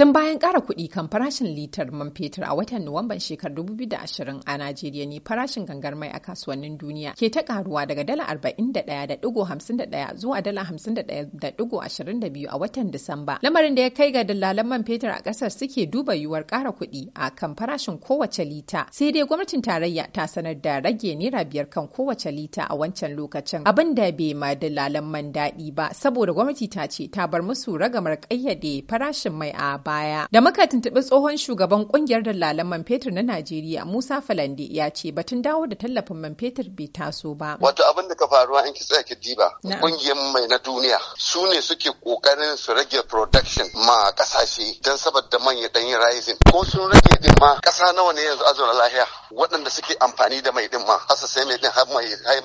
Tun bayan ƙara kuɗi kan farashin litar man fetur a watan Nuwamban shekarar 2020 a Najeriya ne farashin gangar mai a kasuwannin duniya ke ta karuwa daga dala 41.51 zuwa dala 51.22 a watan Disamba. Lamarin da ya kai ga dalalan man fetur a ƙasar suke duba yiwuwar ƙara kuɗi a kan farashin kowace lita. Sai dai gwamnatin tarayya ta sanar da rage naira biyar kan kowace lita a wancan lokacin. Abin da bai ma dalalan man daɗi ba saboda gwamnati ta ce ta bar musu ragamar ƙayyade farashin mai a baya. Da muka tuntuɓi tsohon shugaban ƙungiyar dalalan man fetur na Najeriya Musa Falande ya ce batun dawo da tallafin man fetur bai taso ba. Wato abin da ka faruwa in ki tsaya ki diba. Ƙungiyar mai na duniya su ne suke ƙoƙarin su rage production ma kasashe don saboda manya ɗanyen rising. Ko sun rage din ma ƙasa nawa ne yanzu azura lahiya. waɗanda suke amfani da mai ɗin ma hasa sai mai ɗin, har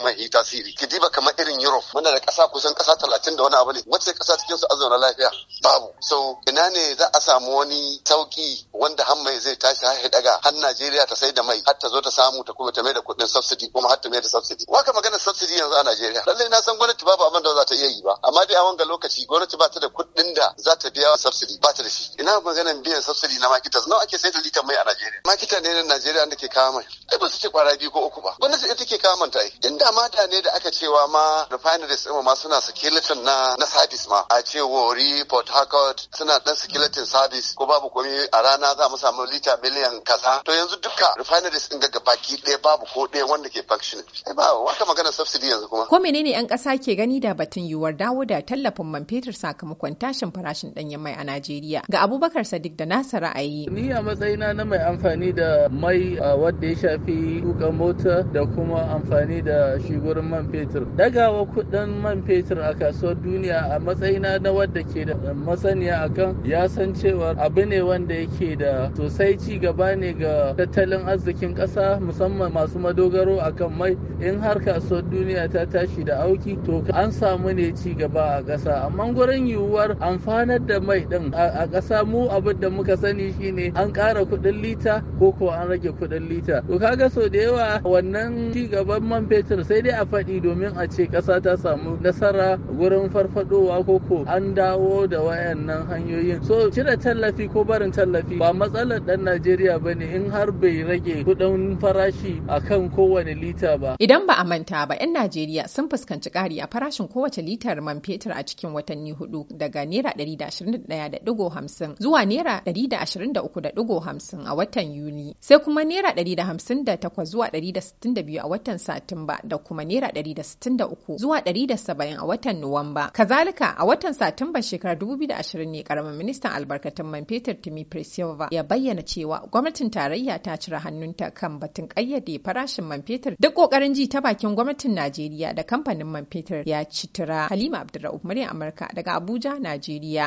mai yi tasiri ki diba kamar irin Europe muna da ƙasa kusan ƙasa talatin da wani abu ne wacce ƙasa cikin su azauna lafiya babu so ina ne za a samu wani sauki wanda har mai zai tashi har daga har Najeriya ta sai da mai har ta zo ta samu ta kuma ta mai da kuɗin subsidy kuma har ta mai da subsidy waka magana subsidy yanzu a Najeriya lallai na san gwamnati babu abin da za ta iya yi ba amma dai a wanga lokaci gwamnati ba ta da kuɗin da za ta biya subsidy ba ta da shi ina maganar biyan subsidy na makita nawa ake sai da litan mai a Najeriya makita ne na Najeriya da ke kawo mai ai ba su ce kwara biyu ko uku ba gwamnati ita take kamanta ta yi ma da ne da aka cewa ma refineries ɗin ma suna skeleton na na service ma a ce wori port harcourt suna dan skeleton service ko babu komai a rana za mu samu lita miliyan kaza to yanzu duka refineries ɗin ga baki ɗaya babu ko ɗaya wanda ke functioning ai ba wata magana subsidy yanzu kuma ko menene yan ƙasa ke gani da batun yiwuwar dawo da tallafin man fetur sakamakon tashin farashin ɗanyen mai a Najeriya ga Abubakar Sadiq da nasa ra'ayi ni a matsayina na mai amfani da mai wadda da ya shafi tuka mota da kuma amfani da shigar man fetur dagawa kudin man fetur a kasuwar duniya a matsayina na wadda ke da masaniya akan ya san cewa abu ne wanda yake da sosai ci gaba ne ga tattalin arzikin kasa musamman masu madogaro akan mai in har kasuwar duniya ta tashi da auki to an samu ne ci gaba a kasa. amma gurin yiwuwar amfanar da mai din a kasa mu abin da muka sani shine an kara kuɗin lita ko ko an rage kuɗin lita afirka to kaga sau da yawa wannan ci gaban man fetur sai dai a faɗi domin a ce ƙasa ta samu nasara gurin farfadowa ko ko an dawo da wayannan hanyoyin so cire tallafi ko barin tallafi ba matsalar ɗan najeriya ba ne in har bai rage kuɗin farashi a kan kowane lita ba idan ba a manta ba 'yan najeriya sun fuskanci ƙari a farashin kowace litar man fetur a cikin watanni hudu daga naira 121.50 zuwa naira 123.50 a watan yuni sai kuma naira 158 zuwa 162 a watan Satumba da kuma Naira 163 zuwa 170 a watan Nuwamba. Kazalika a watan Satumba shekarar 2020 ne karamin ministan albarkatun man fetur Timi Presilva ya bayyana cewa gwamnatin tarayya ta cire hannunta kan batun kayyade farashin man fetur duk kokarin ji ta bakin gwamnatin Najeriya da kamfanin man fetur ya ci Halima Abdulrahman Amurka daga Abuja, Najeriya.